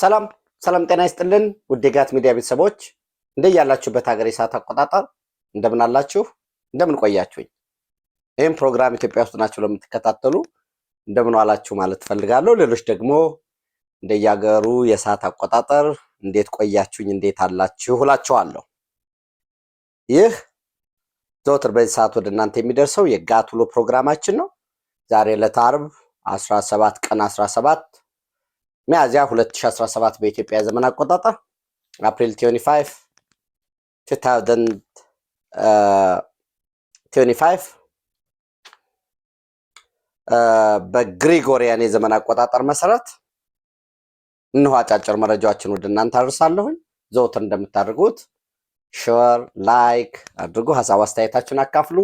ሰላም ሰላም፣ ጤና ይስጥልን ውድ የጋት ሚዲያ ቤተሰቦች እንደያላችሁበት ሀገር የሰዓት አቆጣጠር እንደምን አላችሁ? እንደምን ቆያችሁኝ? ይህም ፕሮግራም ኢትዮጵያ ውስጥ ናቸው ለምትከታተሉ እንደምን ዋላችሁ ማለት ትፈልጋለሁ ሌሎች ደግሞ እንደየሀገሩ የሰዓት አቆጣጠር እንዴት ቆያችሁኝ፣ እንዴት አላችሁ እላችኋለሁ። ይህ ዘወትር በዚህ ሰዓት ወደ እናንተ የሚደርሰው የጋት ውሎ ፕሮግራማችን ነው። ዛሬ ዕለተ 17 ቀን 17 ሚያዚያ 2017 በኢትዮጵያ ዘመን አቆጣጠር አፕሪል 25 uh, uh, በግሪጎሪያን የዘመን አቆጣጠር መሰረት እነሆ አጫጭር መረጃዎችን ወደ እናንተ አድርሳለሁኝ። ዘውትር እንደምታደርጉት ሸር ላይክ አድርጉ፣ ሀሳብ አስተያየታችሁን አካፍሉ።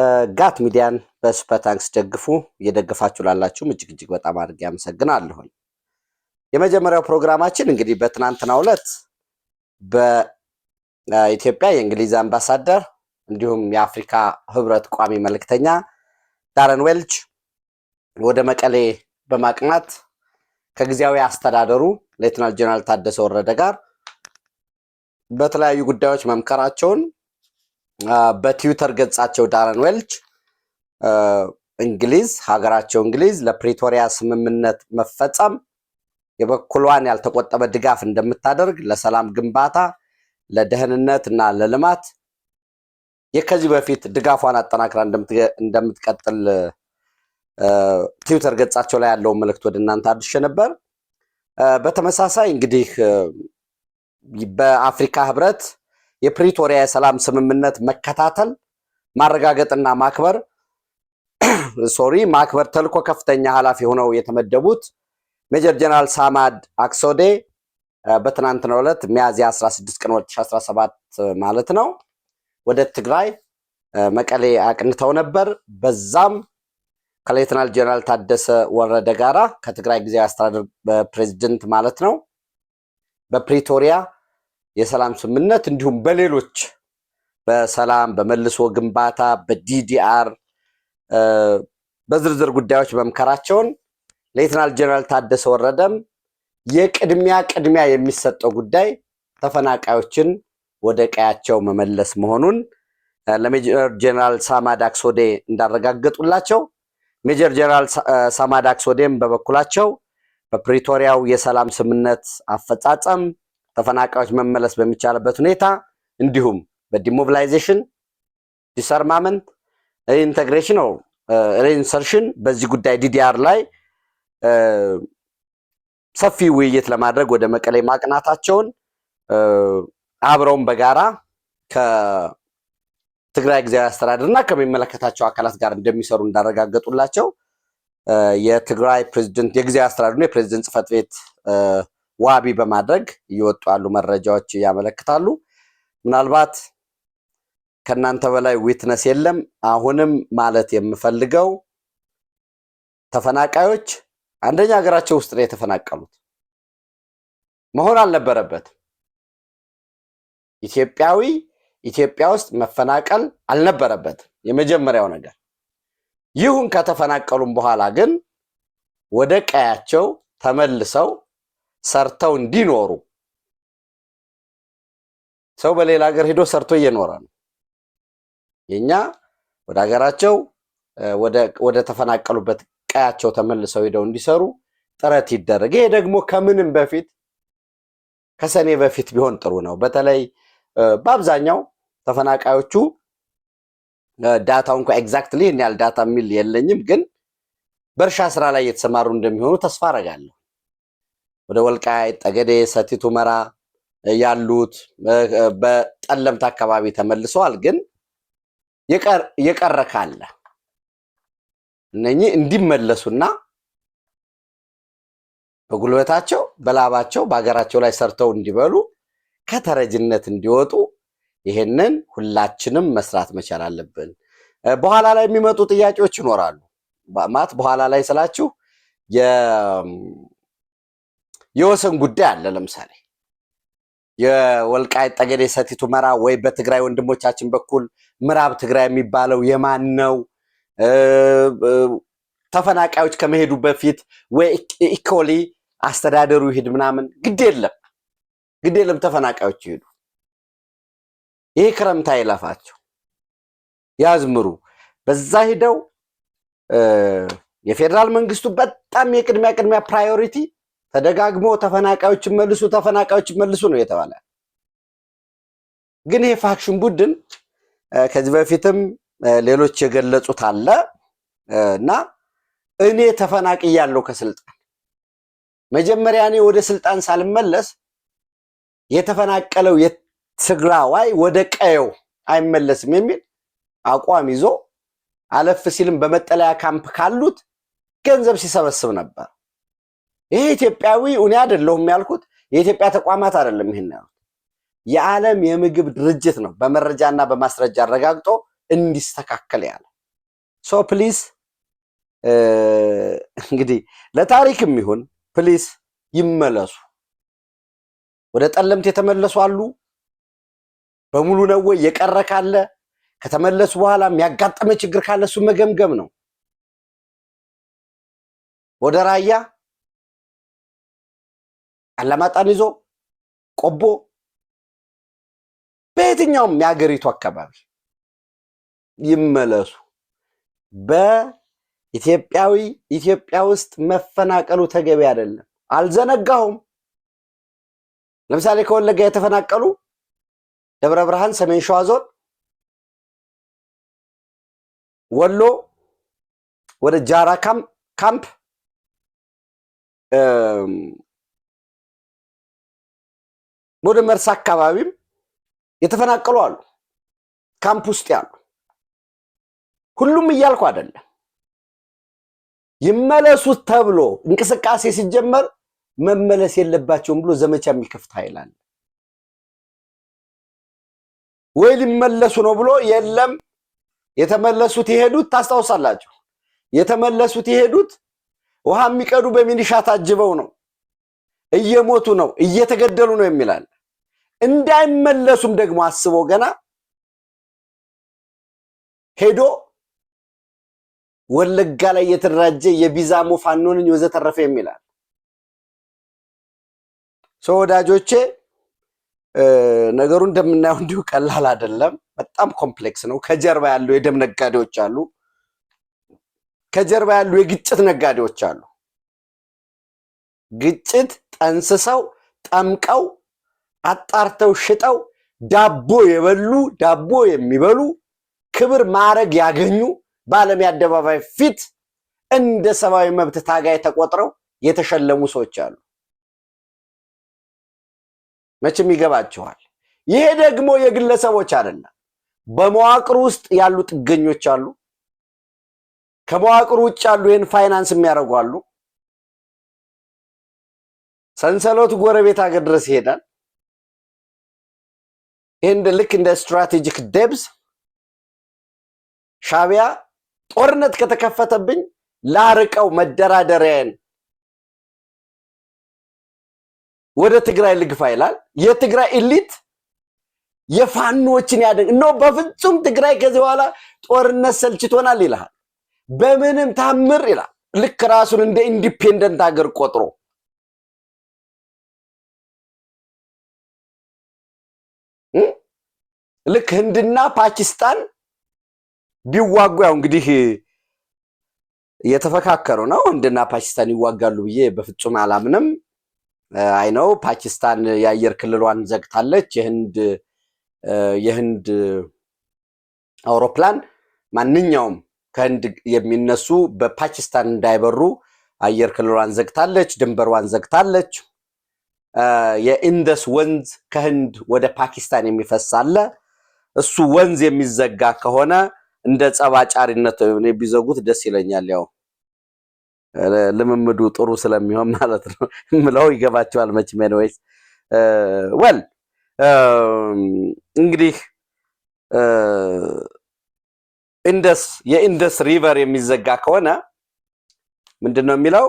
uh, ጋት ሚዲያን በሱፐር ታንክስ ደግፉ። እየደገፋችሁ ላላችሁም እጅግ እጅግ በጣም አድርጌ አመሰግናለሁኝ። የመጀመሪያው ፕሮግራማችን እንግዲህ በትናንትናው ዕለት በኢትዮጵያ የእንግሊዝ አምባሳደር እንዲሁም የአፍሪካ ህብረት ቋሚ መልእክተኛ ዳረን ዌልች ወደ መቀሌ በማቅናት ከጊዜያዊ አስተዳደሩ ሌትናል ጀነራል ታደሰ ወረደ ጋር በተለያዩ ጉዳዮች መምከራቸውን በትዊተር ገጻቸው ዳረን ዌልች እንግሊዝ ሀገራቸው እንግሊዝ ለፕሪቶሪያ ስምምነት መፈጸም የበኩሏን ያልተቆጠበ ድጋፍ እንደምታደርግ ለሰላም ግንባታ፣ ለደህንነት እና ለልማት የከዚህ በፊት ድጋፏን አጠናክራ እንደምትቀጥል ትዊተር ገጻቸው ላይ ያለውን መልእክት ወደ እናንተ አድርሼ ነበር። በተመሳሳይ እንግዲህ በአፍሪካ ህብረት የፕሪቶሪያ የሰላም ስምምነት መከታተል ማረጋገጥና ማክበር ሶሪ ማክበር ተልኮ ከፍተኛ ኃላፊ ሆነው የተመደቡት ሜጀር ጀነራል ሳማድ አክሶዴ በትናንትናው ዕለት ሚያዝያ 16 ቀን 2017 ማለት ነው ወደ ትግራይ መቀሌ አቅንተው ነበር። በዛም ከሌተናል ጀነራል ታደሰ ወረደ ጋራ ከትግራይ ጊዜያዊ አስተዳደር ፕሬዚደንት ማለት ነው በፕሪቶሪያ የሰላም ስምምነት እንዲሁም በሌሎች በሰላም በመልሶ ግንባታ በዲዲአር በዝርዝር ጉዳዮች መምከራቸውን ሌትናል ጀነራል ታደሰ ወረደም የቅድሚያ ቅድሚያ የሚሰጠው ጉዳይ ተፈናቃዮችን ወደ ቀያቸው መመለስ መሆኑን ለሜጀር ጀነራል ሳማዳክ ሶዴ እንዳረጋገጡላቸው ሜጀር ጀነራል ሳማዳክ ሶዴም በበኩላቸው በፕሪቶሪያው የሰላም ስምምነት አፈጻጸም ተፈናቃዮች መመለስ በሚቻልበት ሁኔታ እንዲሁም በዲሞቢላይዜሽን ዲሰርማመንት ሪኢንተግሬሽን ነው ሪኢንሰርሽን በዚህ ጉዳይ ዲዲአር ላይ uh, ሰፊ ውይይት ለማድረግ ወደ መቀሌ ማቅናታቸውን uh, አብረውም በጋራ ከትግራይ ጊዜያዊ አስተዳደር እና ከሚመለከታቸው አካላት ጋር እንደሚሰሩ እንዳረጋገጡላቸው uh, የትግራይ ፕሬዚደንት የጊዜያዊ አስተዳደሩ የፕሬዚደንት ጽሕፈት ቤት ዋቢ በማድረግ እየወጡ ያሉ መረጃዎች ያመለክታሉ። ምናልባት ከእናንተ በላይ ዊትነስ የለም። አሁንም ማለት የምፈልገው ተፈናቃዮች አንደኛ ሀገራቸው ውስጥ ነው የተፈናቀሉት፣ መሆን አልነበረበትም። ኢትዮጵያዊ ኢትዮጵያ ውስጥ መፈናቀል አልነበረበትም፣ የመጀመሪያው ነገር። ይሁን ከተፈናቀሉም በኋላ ግን ወደ ቀያቸው ተመልሰው ሰርተው እንዲኖሩ ሰው በሌላ ሀገር ሄዶ ሰርቶ እየኖረ ነው። የእኛ ወደ ሀገራቸው ወደ ተፈናቀሉበት ቀያቸው ተመልሰው ሄደው እንዲሰሩ ጥረት ይደረግ። ይሄ ደግሞ ከምንም በፊት ከሰኔ በፊት ቢሆን ጥሩ ነው። በተለይ በአብዛኛው ተፈናቃዮቹ ዳታው እንኳ ኤግዛክትሊ እኔ ያል ዳታ የሚል የለኝም፣ ግን በእርሻ ስራ ላይ የተሰማሩ እንደሚሆኑ ተስፋ አረጋለሁ። ወደ ወልቃይት ጠገዴ፣ ሰቲት ሁመራ ያሉት በጠለምት አካባቢ ተመልሰዋል ግን የቀረ ካለ እነኚህ እንዲመለሱና በጉልበታቸው በላባቸው በሀገራቸው ላይ ሰርተው እንዲበሉ ከተረጅነት እንዲወጡ ይህንን ሁላችንም መስራት መቻል አለብን። በኋላ ላይ የሚመጡ ጥያቄዎች ይኖራሉ። ማት በኋላ ላይ ስላችሁ የወሰን ጉዳይ አለ ለምሳሌ የወልቃይ ጠገዴ ሰቲት ሁመራ ወይ በትግራይ ወንድሞቻችን በኩል ምዕራብ ትግራይ የሚባለው የማን ነው? ተፈናቃዮች ከመሄዱ በፊት ወይ ኢኮሊ አስተዳደሩ ይሄድ ምናምን፣ ግድ የለም ግድ የለም ተፈናቃዮች ይሄዱ። ይሄ ክረምት አይለፋቸው ያዝምሩ። በዛ ሂደው የፌዴራል መንግስቱ በጣም የቅድሚያ ቅድሚያ ፕራዮሪቲ ተደጋግሞ ተፈናቃዮችን መልሱ፣ ተፈናቃዮችን መልሱ ነው የተባለ። ግን ይሄ ፋክሽን ቡድን ከዚህ በፊትም ሌሎች የገለጹት አለ እና እኔ ተፈናቅያለሁ ከስልጣን መጀመሪያ እኔ ወደ ስልጣን ሳልመለስ የተፈናቀለው የትግራዋይ ወደ ቀየው አይመለስም የሚል አቋም ይዞ አለፍ ሲልም በመጠለያ ካምፕ ካሉት ገንዘብ ሲሰበስብ ነበር። ይሄ ኢትዮጵያዊ እኔ አይደለሁም ያልኩት የኢትዮጵያ ተቋማት አይደለም ይሄን ያሉት የዓለም የምግብ ድርጅት ነው በመረጃና በማስረጃ አረጋግጦ እንዲስተካከል ያለ ሶ ፕሊስ እንግዲህ ለታሪክም ይሁን ፕሊስ ይመለሱ። ወደ ጠለምት የተመለሱ አሉ በሙሉ ነው ወይ? የቀረ ካለ ከተመለሱ በኋላ የሚያጋጠመ ችግር ካለ እሱ መገምገም ነው። ወደ ራያ አላማጣን ይዞ ቆቦ፣ በየትኛውም የሀገሪቱ አካባቢ ይመለሱ። በኢትዮጵያዊ ኢትዮጵያ ውስጥ መፈናቀሉ ተገቢ አይደለም። አልዘነጋሁም። ለምሳሌ ከወለጋ የተፈናቀሉ ደብረ ብርሃን፣ ሰሜን ሸዋ ዞን፣ ወሎ ወደ ጃራ ካምፕ ወደ መርሳ አካባቢም የተፈናቀሉ አሉ፣ ካምፕ ውስጥ ያሉ። ሁሉም እያልኩ አይደለም። ይመለሱት ተብሎ እንቅስቃሴ ሲጀመር መመለስ የለባቸውም ብሎ ዘመቻ የሚከፍት ኃይል አለ። ወይ ሊመለሱ ነው ብሎ የለም። የተመለሱት የሄዱት ታስታውሳላችሁ። የተመለሱት የሄዱት ውሃ የሚቀዱ በሚኒሻ ታጅበው ነው፣ እየሞቱ ነው፣ እየተገደሉ ነው የሚላል እንዳይመለሱም ደግሞ አስቦ ገና ሄዶ ወለጋ ላይ የተደራጀ የቢዛሞ ፋኖንን ወዘተረፈ የሚላል ሰው። ወዳጆቼ ነገሩ እንደምናየው እንዲሁ ቀላል አይደለም። በጣም ኮምፕሌክስ ነው። ከጀርባ ያሉ የደም ነጋዴዎች አሉ። ከጀርባ ያሉ የግጭት ነጋዴዎች አሉ። ግጭት ጠንስሰው ጠምቀው አጣርተው ሽጠው ዳቦ የበሉ ዳቦ የሚበሉ ክብር ማዕረግ ያገኙ በዓለም አደባባይ ፊት እንደ ሰብአዊ መብት ታጋይ ተቆጥረው የተሸለሙ ሰዎች አሉ። መቼም ይገባችኋል። ይሄ ደግሞ የግለሰቦች አይደለም። በመዋቅር ውስጥ ያሉ ጥገኞች አሉ። ከመዋቅር ውጭ ያሉ ይህን ፋይናንስ የሚያደርጉ አሉ። ሰንሰለቱ ጎረቤት አገር ድረስ ይሄዳል። ይህን ልክ እንደ ስትራቴጂክ ደብዝ ሻቢያ ጦርነት ከተከፈተብኝ ላርቀው መደራደሪያን ወደ ትግራይ ልግፋ ይላል። የትግራይ ኢሊት የፋኖችን ያደግ ኖ በፍጹም ትግራይ ከዚህ በኋላ ጦርነት ሰልችቶናል ይልሃል። በምንም ታምር ይላል። ልክ ራሱን እንደ ኢንዲፔንደንት ሀገር ቆጥሮ ልክ ህንድና ፓኪስታን ቢዋጉ ያው እንግዲህ የተፈካከሩ ነው። ህንድና ፓኪስታን ይዋጋሉ ብዬ በፍጹም አላምንም። አይ ነው ፓኪስታን የአየር ክልሏን ዘግታለች። የህንድ የህንድ አውሮፕላን ማንኛውም ከህንድ የሚነሱ በፓኪስታን እንዳይበሩ አየር ክልሏን ዘግታለች፣ ድንበሯን ዘግታለች። የኢንደስ ወንዝ ከህንድ ወደ ፓኪስታን የሚፈሳለ እሱ ወንዝ የሚዘጋ ከሆነ እንደ ጸባጫሪነት ነው ቢዘጉት ደስ ይለኛል። ያው ልምምዱ ጥሩ ስለሚሆን ማለት ነው ምለው ይገባቸዋል። መችም ኤኒዌይስ ወል እንግዲህ ኢንደስ የኢንደስ ሪቨር የሚዘጋ ከሆነ ምንድን ነው የሚለው?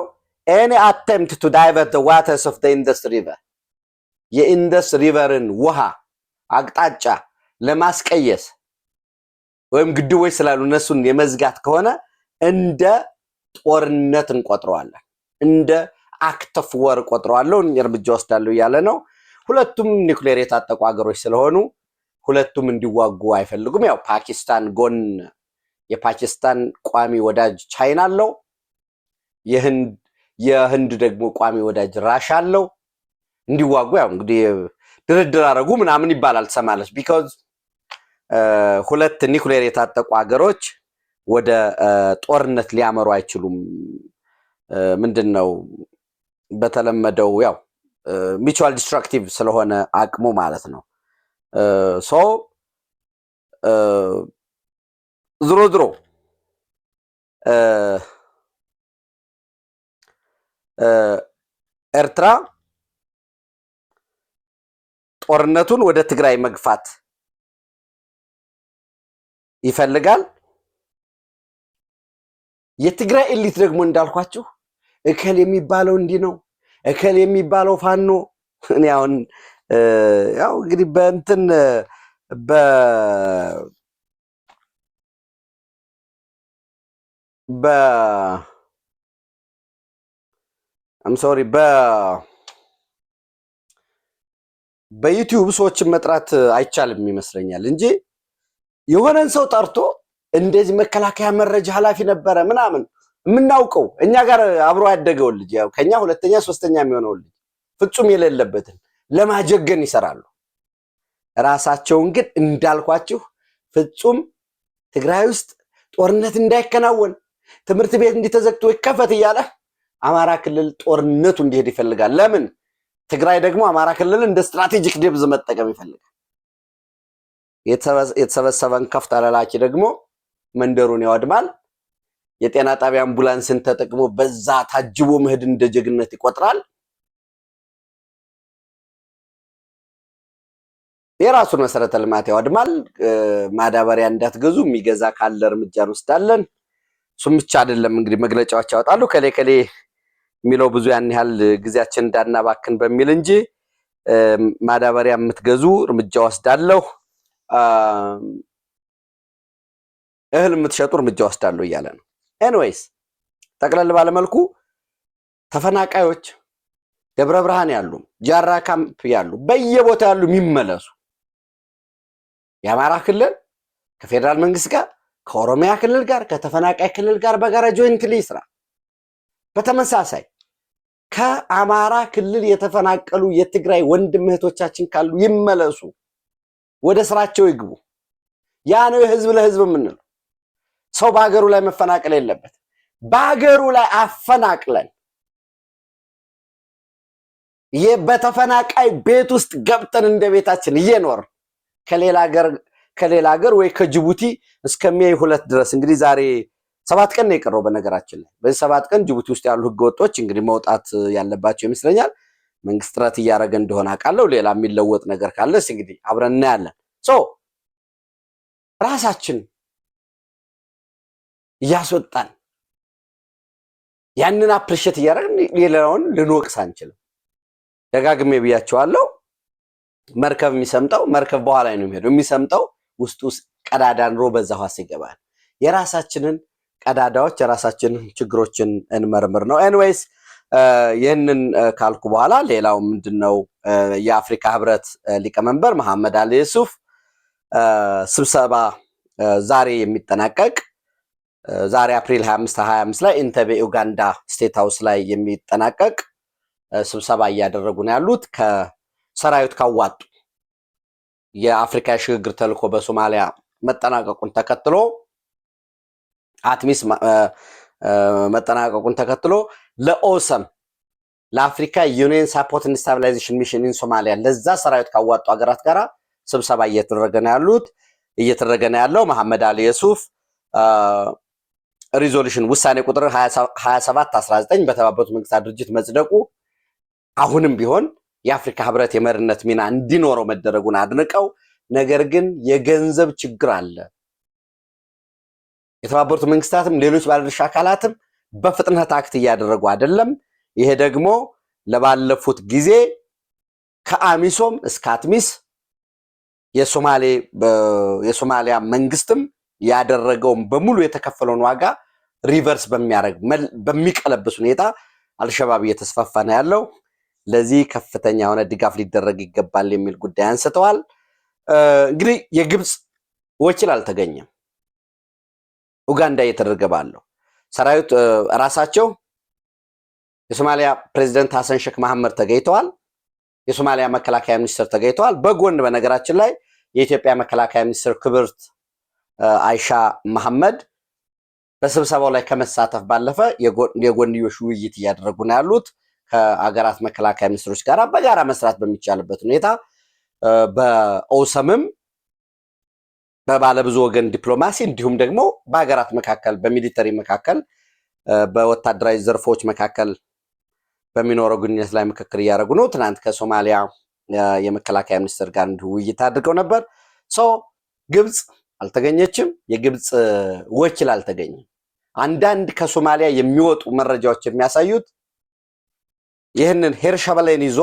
ኤኒ አቴምፕት ቱ ዳይቨርት ዋተርስ ኦፍ ኢንደስ ሪቨር የኢንደስ ሪቨርን ውሃ አቅጣጫ ለማስቀየስ ወይም ግድቦች ስላሉ እነሱን የመዝጋት ከሆነ እንደ ጦርነት እንቆጥረዋለን። እንደ አክተፍ ወር ቆጥረዋለሁ፣ እርምጃ ወስዳለሁ እያለ ነው። ሁለቱም ኒውክሌር የታጠቁ ሀገሮች ስለሆኑ ሁለቱም እንዲዋጉ አይፈልጉም። ያው ፓኪስታን ጎን የፓኪስታን ቋሚ ወዳጅ ቻይና አለው። የህንድ ደግሞ ቋሚ ወዳጅ ራሻ አለው። እንዲዋጉ ያው እንግዲህ ድርድር አረጉ ምናምን ይባላል ትሰማለች ቢካዝ ሁለት ኒኩሌር የታጠቁ ሀገሮች ወደ ጦርነት ሊያመሩ አይችሉም። ምንድን ነው በተለመደው ያው ሚቹዋል ዲስትራክቲቭ ስለሆነ አቅሙ ማለት ነው። ሶ ዝሮ ዝሮ ኤርትራ ጦርነቱን ወደ ትግራይ መግፋት ይፈልጋል። የትግራይ ኤሊት ደግሞ እንዳልኳችሁ እከል የሚባለው እንዲህ ነው፣ እከል የሚባለው ፋኖ። እኔ አሁን ያው እንግዲህ በእንትን በ በ አም ሶሪ በ በዩቲዩብ ሰዎችን መጥራት አይቻልም ይመስለኛል እንጂ የሆነን ሰው ጠርቶ እንደዚህ መከላከያ መረጃ ኃላፊ ነበረ ምናምን የምናውቀው እኛ ጋር አብሮ ያደገውን ልጅ ከኛ ሁለተኛ ሶስተኛ የሚሆነው ልጅ ፍጹም የሌለበትን ለማጀገን ይሰራሉ። ራሳቸውን ግን እንዳልኳችሁ ፍጹም ትግራይ ውስጥ ጦርነት እንዳይከናወን ትምህርት ቤት እንዲተዘግቶ ይከፈት እያለ አማራ ክልል ጦርነቱ እንዲሄድ ይፈልጋል። ለምን? ትግራይ ደግሞ አማራ ክልል እንደ ስትራቴጂክ ደብዝ መጠቀም ይፈልጋል። የተሰበሰበን ከፍታ ለላኪ ደግሞ መንደሩን ያወድማል። የጤና ጣቢያ አምቡላንስን ተጠቅሞ በዛ ታጅቦ መሄድ እንደ ጀግነት ይቆጥራል። የራሱን መሰረተ ልማት ያወድማል። ማዳበሪያ እንዳትገዙ የሚገዛ ካለ እርምጃ እንወስዳለን። እሱም ብቻ አይደለም እንግዲህ መግለጫዎች ያወጣሉ። ከሌ ከሌ የሚለው ብዙ ያን ያህል ጊዜያችን እንዳናባክን በሚል እንጂ ማዳበሪያ የምትገዙ እርምጃ ወስዳለሁ እህል የምትሸጡ እርምጃ ወስዳለሁ እያለ ነው። ኤንዌይስ ጠቅለል ባለመልኩ ተፈናቃዮች ደብረ ብርሃን ያሉ፣ ጃራ ካምፕ ያሉ፣ በየቦታ ያሉ የሚመለሱ የአማራ ክልል ከፌዴራል መንግስት ጋር ከኦሮሚያ ክልል ጋር ከተፈናቃይ ክልል ጋር በጋራ ጆይንትሊ ስራ። በተመሳሳይ ከአማራ ክልል የተፈናቀሉ የትግራይ ወንድም እህቶቻችን ካሉ ይመለሱ። ወደ ስራቸው ይግቡ። ያ ነው የህዝብ ለህዝብ የምንለው። ሰው በሀገሩ ላይ መፈናቀል የለበት። በሀገሩ ላይ አፈናቅለን በተፈናቃይ ቤት ውስጥ ገብተን እንደ ቤታችን እየኖር ከሌላ ሀገር ወይ ከጅቡቲ እስከ ሁለት ድረስ እንግዲህ ዛሬ ሰባት ቀን ነው የቀረው። በነገራችን ላይ በዚህ ሰባት ቀን ጅቡቲ ውስጥ ያሉ ህገወጦች እንግዲህ መውጣት ያለባቸው ይመስለኛል። መንግስት ጥረት እያደረገ እንደሆነ አውቃለሁ። ሌላ የሚለወጥ ነገር ካለስ እንግዲህ አብረን እናያለን። ሶ ራሳችን እያስወጣን ያንን አፕሪሼት እያደረግን ሌላውን ልንወቅስ አንችልም። ደጋግሜ ብያቸዋለሁ። መርከብ የሚሰምጠው መርከብ በኋላ ነው የሚሄደው። የሚሰምጠው ውስጡ ቀዳዳ ኑሮ በዛ ውሃ ይገባል። የራሳችንን ቀዳዳዎች የራሳችንን ችግሮችን እንመርምር ነው ኤንዌይስ ይህንን ካልኩ በኋላ ሌላው ምንድን ነው የአፍሪካ ህብረት ሊቀመንበር መሐመድ አሊ ዩሱፍ ስብሰባ ዛሬ የሚጠናቀቅ ዛሬ አፕሪል 25 25 ላይ ኢንተቤ ኡጋንዳ ስቴት ሃውስ ላይ የሚጠናቀቅ ስብሰባ እያደረጉ ነው ያሉት ከሰራዊት ካዋጡ የአፍሪካ የሽግግር ተልዕኮ በሶማሊያ መጠናቀቁን ተከትሎ አትሚስ መጠናቀቁን ተከትሎ ለኦሰም ለአፍሪካ ዩኒየን ሳፖርት ኤንድ ስታቢላይዜሽን ሚሽን ኢን ሶማሊያ ለዛ ሰራዊት ካዋጡ ሀገራት ጋር ስብሰባ እየተደረገ ነው ያሉት እየተደረገ ነው ያለው። መሐመድ አሊ የሱፍ ሪዞሉሽን ውሳኔ ቁጥር 2719 በተባበሩት መንግስታት ድርጅት መጽደቁ አሁንም ቢሆን የአፍሪካ ህብረት የመሪነት ሚና እንዲኖረው መደረጉን አድንቀው፣ ነገር ግን የገንዘብ ችግር አለ የተባበሩት መንግስታትም ሌሎች ባለድርሻ አካላትም በፍጥነት አክት እያደረጉ አይደለም። ይሄ ደግሞ ለባለፉት ጊዜ ከአሚሶም እስከ አትሚስ የሶማሊያ መንግስትም ያደረገውን በሙሉ የተከፈለውን ዋጋ ሪቨርስ በሚያደርግ በሚቀለብስ ሁኔታ አልሸባብ እየተስፋፋ ነው ያለው። ለዚህ ከፍተኛ የሆነ ድጋፍ ሊደረግ ይገባል የሚል ጉዳይ አንስተዋል። እንግዲህ የግብፅ ወኪል አልተገኘም። ኡጋንዳ እየተደረገ ባለው ሰራዊት ራሳቸው የሶማሊያ ፕሬዚደንት ሀሰን ሼክ መሐመድ ተገኝተዋል። የሶማሊያ መከላከያ ሚኒስትር ተገኝተዋል። በጎን በነገራችን ላይ የኢትዮጵያ መከላከያ ሚኒስትር ክብርት አይሻ መሐመድ በስብሰባው ላይ ከመሳተፍ ባለፈ የጎንዮሽ ውይይት እያደረጉ ነው ያሉት ከአገራት መከላከያ ሚኒስትሮች ጋር በጋራ መስራት በሚቻልበት ሁኔታ በኦሰምም በባለብዙ ወገን ዲፕሎማሲ እንዲሁም ደግሞ በሀገራት መካከል በሚሊተሪ መካከል በወታደራዊ ዘርፎች መካከል በሚኖረው ግንኙነት ላይ ምክክር እያደረጉ ነው። ትናንት ከሶማሊያ የመከላከያ ሚኒስትር ጋር እንዲሁ ውይይት አድርገው ነበር። ግብፅ አልተገኘችም፣ የግብፅ ወኪል አልተገኘም። አንዳንድ ከሶማሊያ የሚወጡ መረጃዎች የሚያሳዩት ይህንን ሄርሻበሌን ይዞ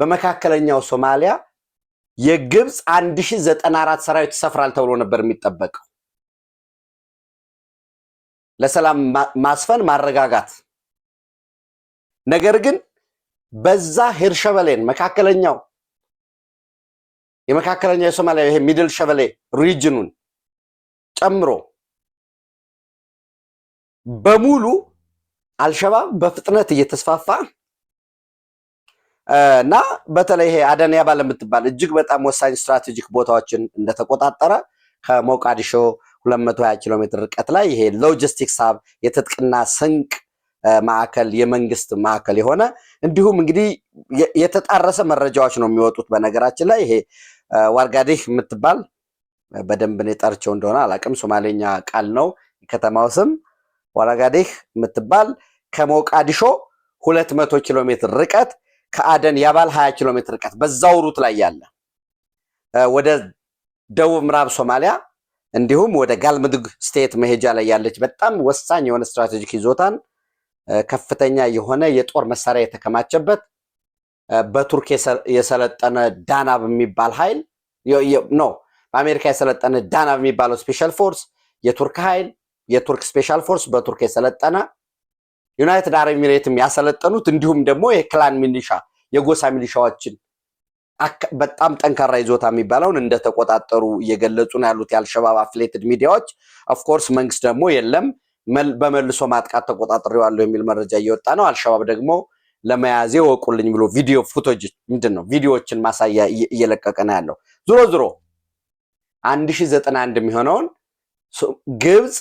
በመካከለኛው ሶማሊያ የግብፅ 1094 ሰራዊት ይሰፍራል ተብሎ ነበር የሚጠበቀው ለሰላም ማስፈን ማረጋጋት። ነገር ግን በዛ ሄርሸበሌን መካከለኛው የመካከለኛው የሶማሊያ ይሄ ሚድል ሸበሌ ሪጅኑን ጨምሮ በሙሉ አልሸባብ በፍጥነት እየተስፋፋ እና በተለይ ይሄ አደን ያባ እጅግ በጣም ወሳኝ ስትራቴጂክ ቦታዎችን እንደተቆጣጠረ ከሞቃዲሾ 220 ኪሎ ሜትር ርቀት ላይ ይሄ ሎጂስቲክስ ሀብ የትጥቅና ስንቅ ማዕከል የመንግስት ማዕከል የሆነ እንዲሁም እንግዲህ የተጣረሰ መረጃዎች ነው የሚወጡት። በነገራችን ላይ ይሄ ዋርጋዴህ የምትባል በደንብ እኔ ጠርቸው እንደሆነ አላቅም፣ ሶማሌኛ ቃል ነው የከተማው ስም። ዋርጋዴህ የምትባል ከሞቃዲሾ 200 ኪሎ ሜትር ርቀት ከአደን ያባል 20 ኪሎ ሜትር ርቀት በዛው ሩት ላይ ያለ ወደ ደቡብ ምዕራብ ሶማሊያ እንዲሁም ወደ ጋልምድግ ስቴት መሄጃ ላይ ያለች በጣም ወሳኝ የሆነ ስትራቴጂክ ይዞታን ከፍተኛ የሆነ የጦር መሳሪያ የተከማቸበት በቱርክ የሰለጠነ ዳናብ የሚባል ኃይል ኖ በአሜሪካ የሰለጠነ ዳናብ የሚባለው ስፔሻል ፎርስ የቱርክ ኃይል የቱርክ ስፔሻል ፎርስ በቱርክ የሰለጠነ ዩናይትድ አረብ ኤሚሬትም ያሰለጠኑት እንዲሁም ደግሞ የክላን ሚሊሻ የጎሳ ሚሊሻዎችን በጣም ጠንካራ ይዞታ የሚባለውን እንደተቆጣጠሩ እየገለጹ ነው ያሉት የአልሸባብ አፍሌትድ ሚዲያዎች። ኦፍኮርስ መንግስት ደግሞ የለም በመልሶ ማጥቃት ተቆጣጥሬዋለሁ የሚል መረጃ እየወጣ ነው። አልሸባብ ደግሞ ለመያዜ ወቁልኝ ብሎ ቪዲዮ ፉቶጅ ምንድን ነው ቪዲዮዎችን ማሳያ እየለቀቀ ነው ያለው። ዝሮ ዝሮ አንድ ሺህ ዘጠና አንድ የሚሆነውን ግብፅ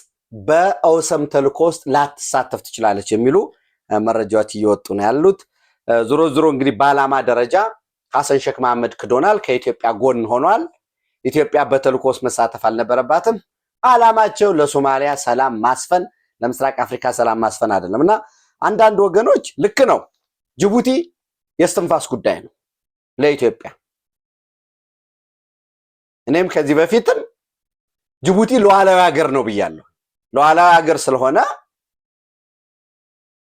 በአውሰም ተልእኮ ውስጥ ላትሳተፍ ትችላለች የሚሉ መረጃዎች እየወጡ ነው ያሉት። ዞሮ ዞሮ እንግዲህ በዓላማ ደረጃ ሀሰን ሼክ መሐመድ ክዶናል፣ ከኢትዮጵያ ጎን ሆኗል። ኢትዮጵያ በተልእኮ ውስጥ መሳተፍ አልነበረባትም። ዓላማቸው ለሶማሊያ ሰላም ማስፈን፣ ለምስራቅ አፍሪካ ሰላም ማስፈን አይደለም እና አንዳንድ ወገኖች ልክ ነው፣ ጅቡቲ የስትንፋስ ጉዳይ ነው ለኢትዮጵያ። እኔም ከዚህ በፊትም ጅቡቲ ሉዓላዊ ሀገር ነው ብያለሁ። ሉዓላዊ ሀገር ስለሆነ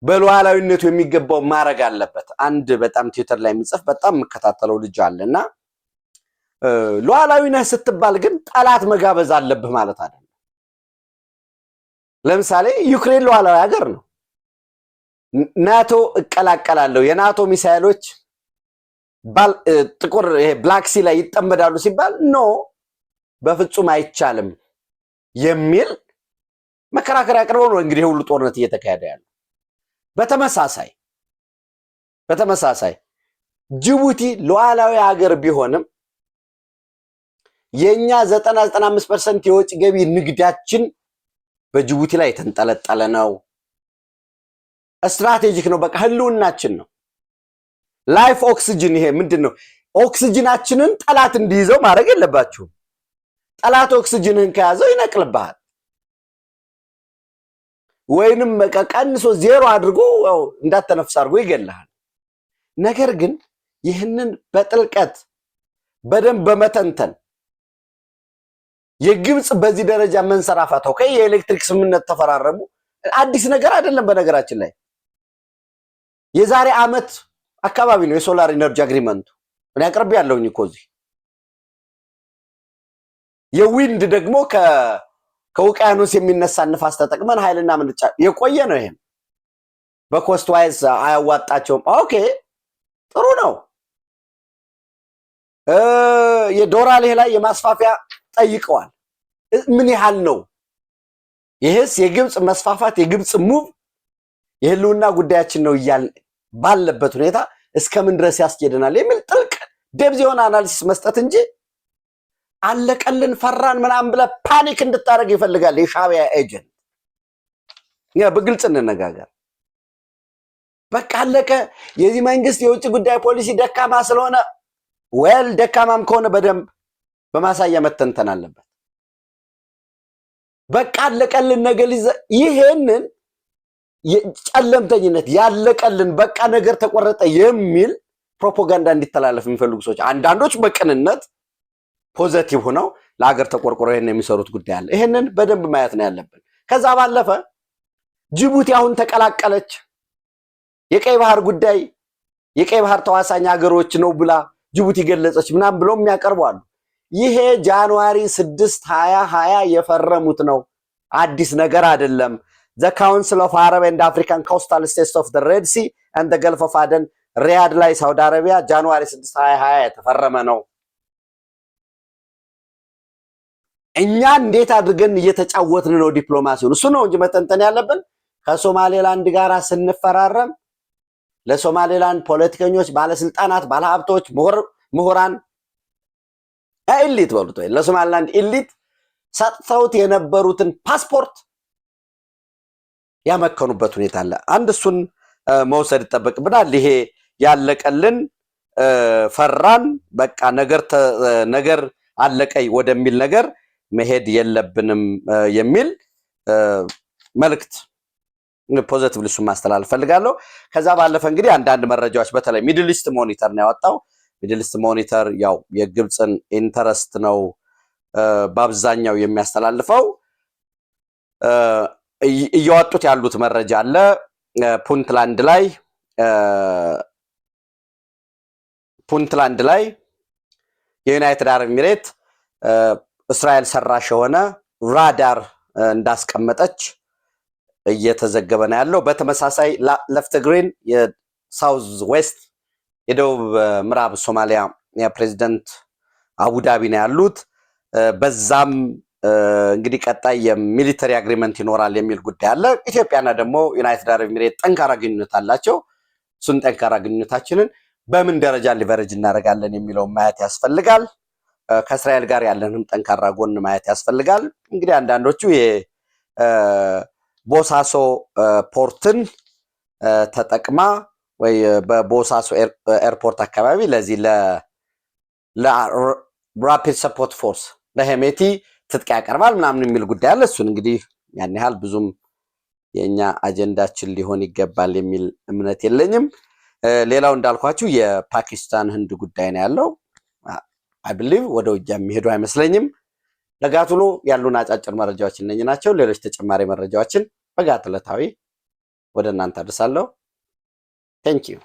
በሉዓላዊነቱ የሚገባው ማድረግ አለበት። አንድ በጣም ትዊተር ላይ የሚጽፍ በጣም የምከታተለው ልጅ አለ እና ሉዓላዊ ነህ ስትባል ግን ጠላት መጋበዝ አለብህ ማለት አይደለም። ለምሳሌ ዩክሬን ሉዓላዊ ሀገር ነው። ናቶ እቀላቀላለሁ የናቶ ሚሳይሎች ጥቁር ብላክሲ ላይ ይጠመዳሉ ሲባል ኖ በፍጹም አይቻልም የሚል መከራከሪያ አቅርበው ነው እንግዲህ ሁሉ ጦርነት እየተካሄደ ያለው። በተመሳሳይ በተመሳሳይ ጅቡቲ ሉዓላዊ ሀገር ቢሆንም የኛ 90-95% የወጪ ገቢ ንግዳችን በጅቡቲ ላይ የተንጠለጠለ ነው። ስትራቴጂክ ነው። በቃ ህልውናችን ነው። ላይፍ ኦክስጅን ይሄ ምንድን ነው? ኦክስጅናችንን ጠላት እንዲይዘው ማድረግ የለባችሁም። ጠላት ኦክስጅንህን ከያዘው ይነቅልብሃል። ወይንም በቃ ቀንሶ ዜሮ አድርጎ እንዳተነፍስ አድርጎ ይገልሃል። ነገር ግን ይህንን በጥልቀት በደንብ በመተንተን የግብፅ በዚህ ደረጃ መንሰራፋት ኦኬ፣ የኤሌክትሪክ ስምምነት ተፈራረሙ አዲስ ነገር አይደለም። በነገራችን ላይ የዛሬ ዓመት አካባቢ ነው የሶላር ኢነርጂ አግሪመንቱ። እኔ አቅርቤ ያለውኝ እኮ እዚህ የዊንድ ደግሞ ከውቅያኖስ የሚነሳ ንፋስ ተጠቅመን ኃይልና ምንጫ የቆየ ነው። ይሄም በኮስት ዋይዝ አያዋጣቸውም። ኦኬ ጥሩ ነው። የዶራሌ ላይ የማስፋፊያ ጠይቀዋል። ምን ያህል ነው? ይህስ የግብፅ መስፋፋት የግብፅ ሙቭ የህልውና ጉዳያችን ነው እያል ባለበት ሁኔታ እስከምን ድረስ ያስኬደናል የሚል ጥልቅ ደብዝ የሆነ አናሊሲስ መስጠት እንጂ አለቀልን፣ ፈራን፣ ምናምን ብለ ፓኒክ እንድታደርግ ይፈልጋል የሻቢያ ኤጀንት። በግልጽ እንነጋገር። በቃ አለቀ። የዚህ መንግስት የውጭ ጉዳይ ፖሊሲ ደካማ ስለሆነ ወል ደካማም ከሆነ በደንብ በማሳያ መተንተን አለበት። በቃ አለቀልን ነገር ይሄንን ጨለምተኝነት ያለቀልን በቃ ነገር ተቆረጠ የሚል ፕሮፓጋንዳ እንዲተላለፍ የሚፈልጉ ሰዎች አንዳንዶች በቅንነት ፖዘቲቭ ሆነው ለሀገር ተቆርቆሮ ይሄን የሚሰሩት ጉዳይ አለ። ይሄንን በደንብ ማየት ነው ያለብን። ከዛ ባለፈ ጅቡቲ አሁን ተቀላቀለች የቀይ ባህር ጉዳይ የቀይ ባህር ተዋሳኝ ሀገሮች ነው ብላ ጅቡቲ ገለጸች ምናምን ብሎም የሚያቀርቧሉ ይሄ ጃንዋሪ 6 2020 የፈረሙት ነው፣ አዲስ ነገር አይደለም። ዘ ካውንስል ኦፍ አረብ ኤንድ አፍሪካን ኮስታል ስቴትስ ኦፍ ሬድ ሲ ኤንድ ገልፍ ኦፍ አደን ሪያድ ላይ ሳውዲ አረቢያ ጃንዋሪ 6 2020 የተፈረመ ነው። እኛ እንዴት አድርገን እየተጫወትን ነው ዲፕሎማሲውን? እሱ ነው እንጂ መጠንጠን ያለብን። ከሶማሌላንድ ጋር ስንፈራረም ለሶማሌላንድ ፖለቲከኞች፣ ባለስልጣናት፣ ባለሀብቶች፣ ምሁራን ኢሊት በሉት ወይ ለሶማሌላንድ ኢሊት ሰጥተውት የነበሩትን ፓስፖርት ያመከኑበት ሁኔታ አለ። አንድ እሱን መውሰድ ይጠበቅብናል። ይሄ ያለቀልን ፈራን፣ በቃ ነገር ነገር አለቀይ ወደሚል ነገር መሄድ የለብንም የሚል መልእክት ፖዘቲቭ ልሱ ማስተላለፍ ፈልጋለሁ። ከዛ ባለፈ እንግዲህ አንዳንድ መረጃዎች በተለይ ሚድልስት ሞኒተር ነው ያወጣው። ሚድልስት ሞኒተር ያው የግብፅን ኢንተረስት ነው በአብዛኛው የሚያስተላልፈው። እያወጡት ያሉት መረጃ አለ ፑንትላንድ ላይ ፑንትላንድ ላይ የዩናይትድ አረብ ኤሚሬት እስራኤል ሰራሽ የሆነ ራዳር እንዳስቀመጠች እየተዘገበ ነው ያለው። በተመሳሳይ ለፍት ግሪን የሳውዝ ዌስት የደቡብ ምዕራብ ሶማሊያ የፕሬዚደንት አቡዳቢ ነው ያሉት። በዛም እንግዲህ ቀጣይ የሚሊተሪ አግሪመንት ይኖራል የሚል ጉዳይ አለ። ኢትዮጵያና ደግሞ ዩናይትድ አረብ ኤሚሬት ጠንካራ ግንኙነት አላቸው። እሱን ጠንካራ ግንኙነታችንን በምን ደረጃ ሊቨረጅ እናደርጋለን የሚለውን ማየት ያስፈልጋል። ከእስራኤል ጋር ያለንም ጠንካራ ጎን ማየት ያስፈልጋል። እንግዲህ አንዳንዶቹ የቦሳሶ ፖርትን ተጠቅማ ወይ በቦሳሶ ኤርፖርት አካባቢ ለዚህ ለራፒድ ሰፖርት ፎርስ ለሄሜቲ ትጥቅ ያቀርባል ምናምን የሚል ጉዳይ አለ። እሱን እንግዲህ ያን ያህል ብዙም የእኛ አጀንዳችን ሊሆን ይገባል የሚል እምነት የለኝም። ሌላው እንዳልኳችሁ የፓኪስታን ህንድ ጉዳይ ነው ያለው። አይብሊቭ ወደ ውጊያ የሚሄዱ አይመስለኝም። ለጋት ውሎ ያሉን አጫጭር መረጃዎች እነኚህ ናቸው። ሌሎች ተጨማሪ መረጃዎችን በጋት ዕለታዊ ወደ እናንተ አድርሳለሁ። ቴንኪዩ